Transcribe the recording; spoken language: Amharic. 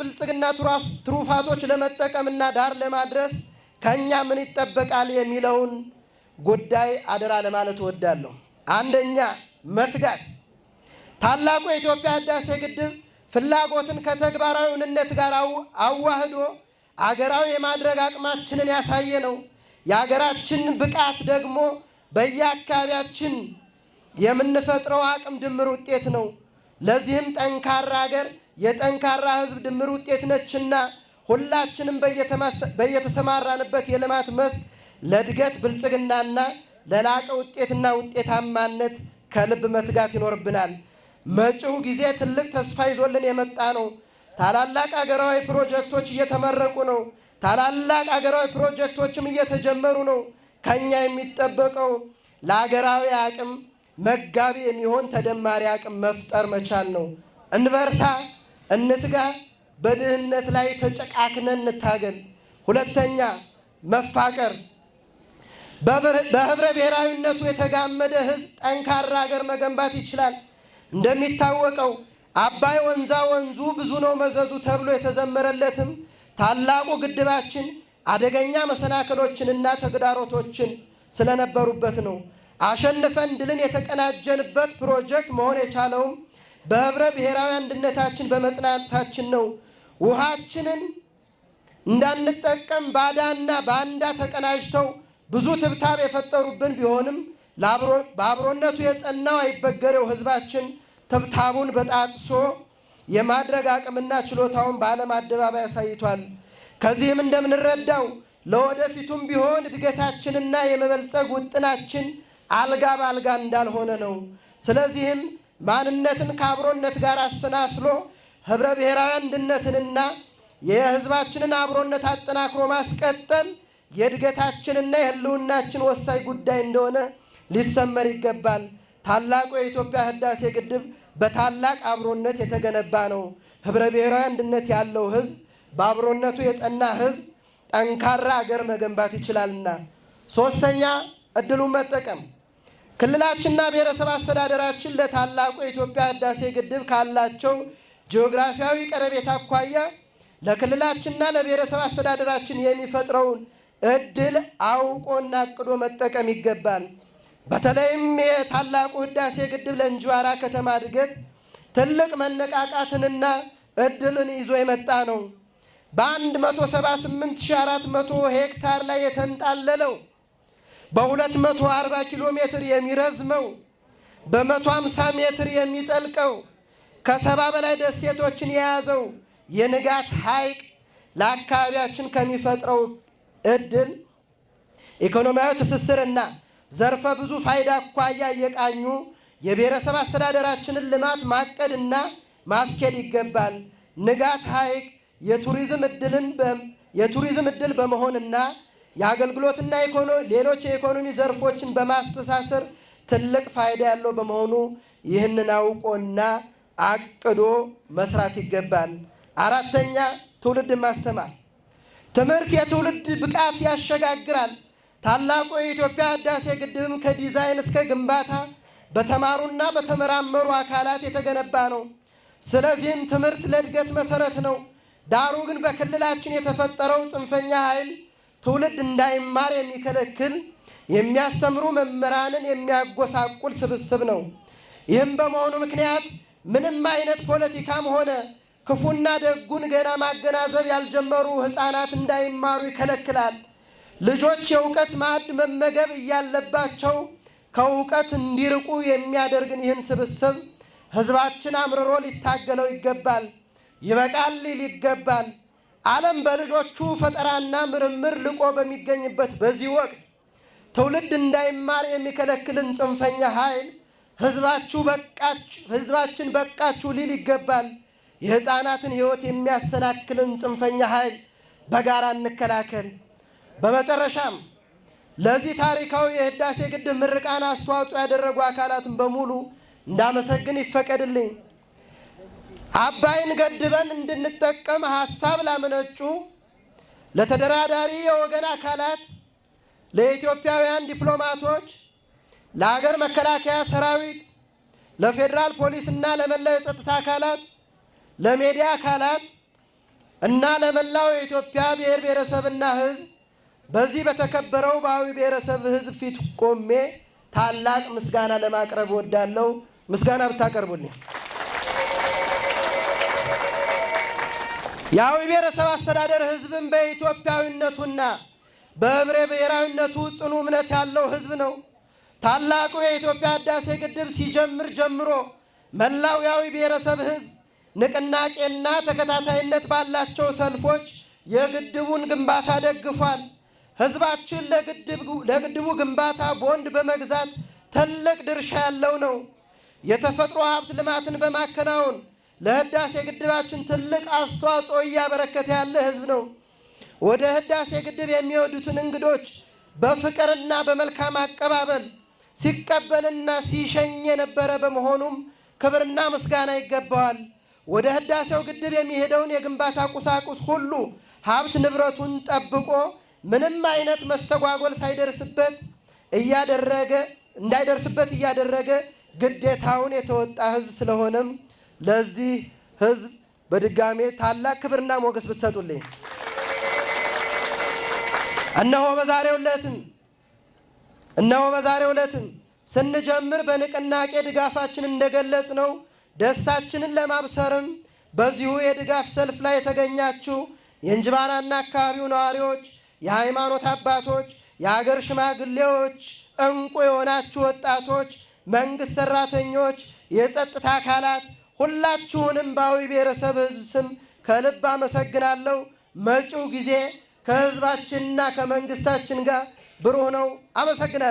ብልጽግና ትሩፋቶች ለመጠቀምና ዳር ለማድረስ ከእኛ ምን ይጠበቃል የሚለውን ጉዳይ አደራ ለማለት እወዳለሁ። አንደኛ መትጋት። ታላቁ የኢትዮጵያ ህዳሴ ግድብ ፍላጎትን ከተግባራዊነት ጋር አዋህዶ አገራዊ የማድረግ አቅማችንን ያሳየ ነው። የአገራችን ብቃት ደግሞ በየአካባቢያችን የምንፈጥረው አቅም ድምር ውጤት ነው። ለዚህም ጠንካራ አገር የጠንካራ ህዝብ ድምር ውጤት ነችና ሁላችንም በየተሰማራንበት የልማት መስክ ለእድገት ብልጽግናና ለላቀ ውጤትና ውጤታማነት ከልብ መትጋት ይኖርብናል። መጪው ጊዜ ትልቅ ተስፋ ይዞልን የመጣ ነው። ታላላቅ አገራዊ ፕሮጀክቶች እየተመረቁ ነው። ታላላቅ አገራዊ ፕሮጀክቶችም እየተጀመሩ ነው። ከኛ የሚጠበቀው ለአገራዊ አቅም መጋቢ የሚሆን ተደማሪ አቅም መፍጠር መቻል ነው። እንበርታ። እንትጋ፣ በድህነት ላይ ተጨቃክነን እንታገል። ሁለተኛ መፋቀር በህብረ ብሔራዊነቱ የተጋመደ ህዝብ ጠንካራ ሀገር መገንባት ይችላል። እንደሚታወቀው አባይ ወንዛ ወንዙ ብዙ ነው መዘዙ ተብሎ የተዘመረለትም ታላቁ ግድባችን አደገኛ መሰናክሎችንና ተግዳሮቶችን ስለነበሩበት ነው። አሸንፈን ድልን የተቀናጀንበት ፕሮጀክት መሆን የቻለውም በህብረ ብሔራዊ አንድነታችን በመጽናታችን ነው። ውሃችንን እንዳንጠቀም ባዳና ባንዳ ተቀናጅተው ብዙ ትብታብ የፈጠሩብን ቢሆንም በአብሮነቱ የጸናው አይበገሬው ህዝባችን ትብታቡን በጣጥሶ የማድረግ አቅምና ችሎታውን በዓለም አደባባይ አሳይቷል። ከዚህም እንደምንረዳው ለወደፊቱም ቢሆን እድገታችንና የመበልጸግ ውጥናችን አልጋ በአልጋ እንዳልሆነ ነው። ስለዚህም ማንነትን ከአብሮነት ጋር አሰናስሎ ህብረ ብሔራዊ አንድነትንና የህዝባችንን አብሮነት አጠናክሮ ማስቀጠል የእድገታችንና የህልውናችን ወሳኝ ጉዳይ እንደሆነ ሊሰመር ይገባል። ታላቁ የኢትዮጵያ ህዳሴ ግድብ በታላቅ አብሮነት የተገነባ ነው። ህብረ ብሔራዊ አንድነት ያለው ህዝብ፣ በአብሮነቱ የጸና ህዝብ ጠንካራ አገር መገንባት ይችላልና። ሶስተኛ እድሉን መጠቀም ክልላችንና ብሔረሰብ አስተዳደራችን ለታላቁ የኢትዮጵያ ህዳሴ ግድብ ካላቸው ጂኦግራፊያዊ ቀረቤት አኳያ ለክልላችንና ለብሔረሰብ አስተዳደራችን የሚፈጥረውን እድል አውቆና አቅዶ መጠቀም ይገባል። በተለይም የታላቁ ህዳሴ ግድብ ለእንጅባራ ከተማ እድገት ትልቅ መነቃቃትንና እድልን ይዞ የመጣ ነው። በ 1 ሰባ ስምንት ሄክታር ላይ የተንጣለለው በ240 ኪሎ ሜትር የሚረዝመው በ150 ሜትር የሚጠልቀው ከሰባ በላይ ደሴቶችን የያዘው የንጋት ሐይቅ ለአካባቢያችን ከሚፈጥረው እድል ኢኮኖሚያዊ ትስስርና ዘርፈ ብዙ ፋይዳ አኳያ እየቃኙ የብሔረሰብ አስተዳደራችንን ልማት ማቀድና ማስኬድ ይገባል። ንጋት ሐይቅ የቱሪዝም እድልን የቱሪዝም እድል በመሆንና የአገልግሎትና ሌሎች የኢኮኖሚ ዘርፎችን በማስተሳሰር ትልቅ ፋይዳ ያለው በመሆኑ ይህንን አውቆና አቅዶ መስራት ይገባል። አራተኛ ትውልድ ማስተማር። ትምህርት የትውልድ ብቃት ያሸጋግራል። ታላቁ የኢትዮጵያ ህዳሴ ግድብም ከዲዛይን እስከ ግንባታ በተማሩና በተመራመሩ አካላት የተገነባ ነው። ስለዚህም ትምህርት ለእድገት መሰረት ነው። ዳሩ ግን በክልላችን የተፈጠረው ጽንፈኛ ኃይል ትውልድ እንዳይማር የሚከለክል የሚያስተምሩ መምህራንን የሚያጎሳቁል ስብስብ ነው። ይህም በመሆኑ ምክንያት ምንም አይነት ፖለቲካም ሆነ ክፉና ደጉን ገና ማገናዘብ ያልጀመሩ ሕፃናት እንዳይማሩ ይከለክላል። ልጆች የእውቀት ማዕድ መመገብ እያለባቸው ከእውቀት እንዲርቁ የሚያደርግን ይህን ስብስብ ሕዝባችን አምርሮ ሊታገለው ይገባል። ይበቃል ሊል ይገባል። ዓለም በልጆቹ ፈጠራና ምርምር ልቆ በሚገኝበት በዚህ ወቅት ትውልድ እንዳይማር የሚከለክልን ጽንፈኛ ኃይል ህዝባችሁ ህዝባችን በቃችሁ ሊል ይገባል። የህፃናትን ህይወት የሚያሰናክልን ጽንፈኛ ኃይል በጋራ እንከላከል። በመጨረሻም ለዚህ ታሪካዊ የህዳሴ ግድብ ምርቃን አስተዋጽኦ ያደረጉ አካላትን በሙሉ እንዳመሰግን ይፈቀድልኝ። አባይን ገድበን እንድንጠቀም ሀሳብ ላመነጩ ለተደራዳሪ የወገን አካላት፣ ለኢትዮጵያውያን ዲፕሎማቶች፣ ለሀገር መከላከያ ሰራዊት፣ ለፌዴራል ፖሊስ እና ለመላው የጸጥታ አካላት፣ ለሜዲያ አካላት እና ለመላው የኢትዮጵያ ብሔር ብሔረሰብና ሕዝብ በዚህ በተከበረው በአዊ ብሔረሰብ ሕዝብ ፊት ቆሜ ታላቅ ምስጋና ለማቅረብ እወዳለሁ። ምስጋና ብታቀርቡልኝ የአዊ ብሔረሰብ አስተዳደር ህዝብን በኢትዮጵያዊነቱና በህብረ ብሔራዊነቱ ጽኑ እምነት ያለው ህዝብ ነው። ታላቁ የኢትዮጵያ ህዳሴ ግድብ ሲጀምር ጀምሮ መላው የአዊ ብሔረሰብ ህዝብ ንቅናቄና ተከታታይነት ባላቸው ሰልፎች የግድቡን ግንባታ ደግፏል። ህዝባችን ለግድቡ ግንባታ ቦንድ በመግዛት ትልቅ ድርሻ ያለው ነው። የተፈጥሮ ሀብት ልማትን በማከናወን ለህዳሴ ግድባችን ትልቅ አስተዋጽኦ እያበረከተ ያለ ህዝብ ነው። ወደ ህዳሴ ግድብ የሚወዱትን እንግዶች በፍቅርና በመልካም አቀባበል ሲቀበልና ሲሸኝ የነበረ በመሆኑም ክብርና ምስጋና ይገባዋል። ወደ ህዳሴው ግድብ የሚሄደውን የግንባታ ቁሳቁስ ሁሉ ሀብት ንብረቱን ጠብቆ ምንም አይነት መስተጓጎል ሳይደርስበት እያደረገ እንዳይደርስበት እያደረገ ግዴታውን የተወጣ ህዝብ ስለሆነም ለዚህ ህዝብ በድጋሜ ታላቅ ክብርና ሞገስ ብትሰጡልኝ። እነሆ በዛሬው ዕለትም እነሆ በዛሬው ዕለትም ስንጀምር በንቅናቄ ድጋፋችን እንደገለጽ ነው። ደስታችንን ለማብሰርም በዚሁ የድጋፍ ሰልፍ ላይ የተገኛችሁ የእንጅባራና አካባቢው ነዋሪዎች፣ የሃይማኖት አባቶች፣ የአገር ሽማግሌዎች፣ እንቁ የሆናችሁ ወጣቶች፣ መንግስት ሰራተኞች፣ የጸጥታ አካላት ሁላችሁንም በአዊ ብሔረሰብ ህዝብ ስም ከልብ አመሰግናለሁ። መጪው ጊዜ ከህዝባችንና ከመንግስታችን ጋር ብሩህ ነው። አመሰግናለሁ።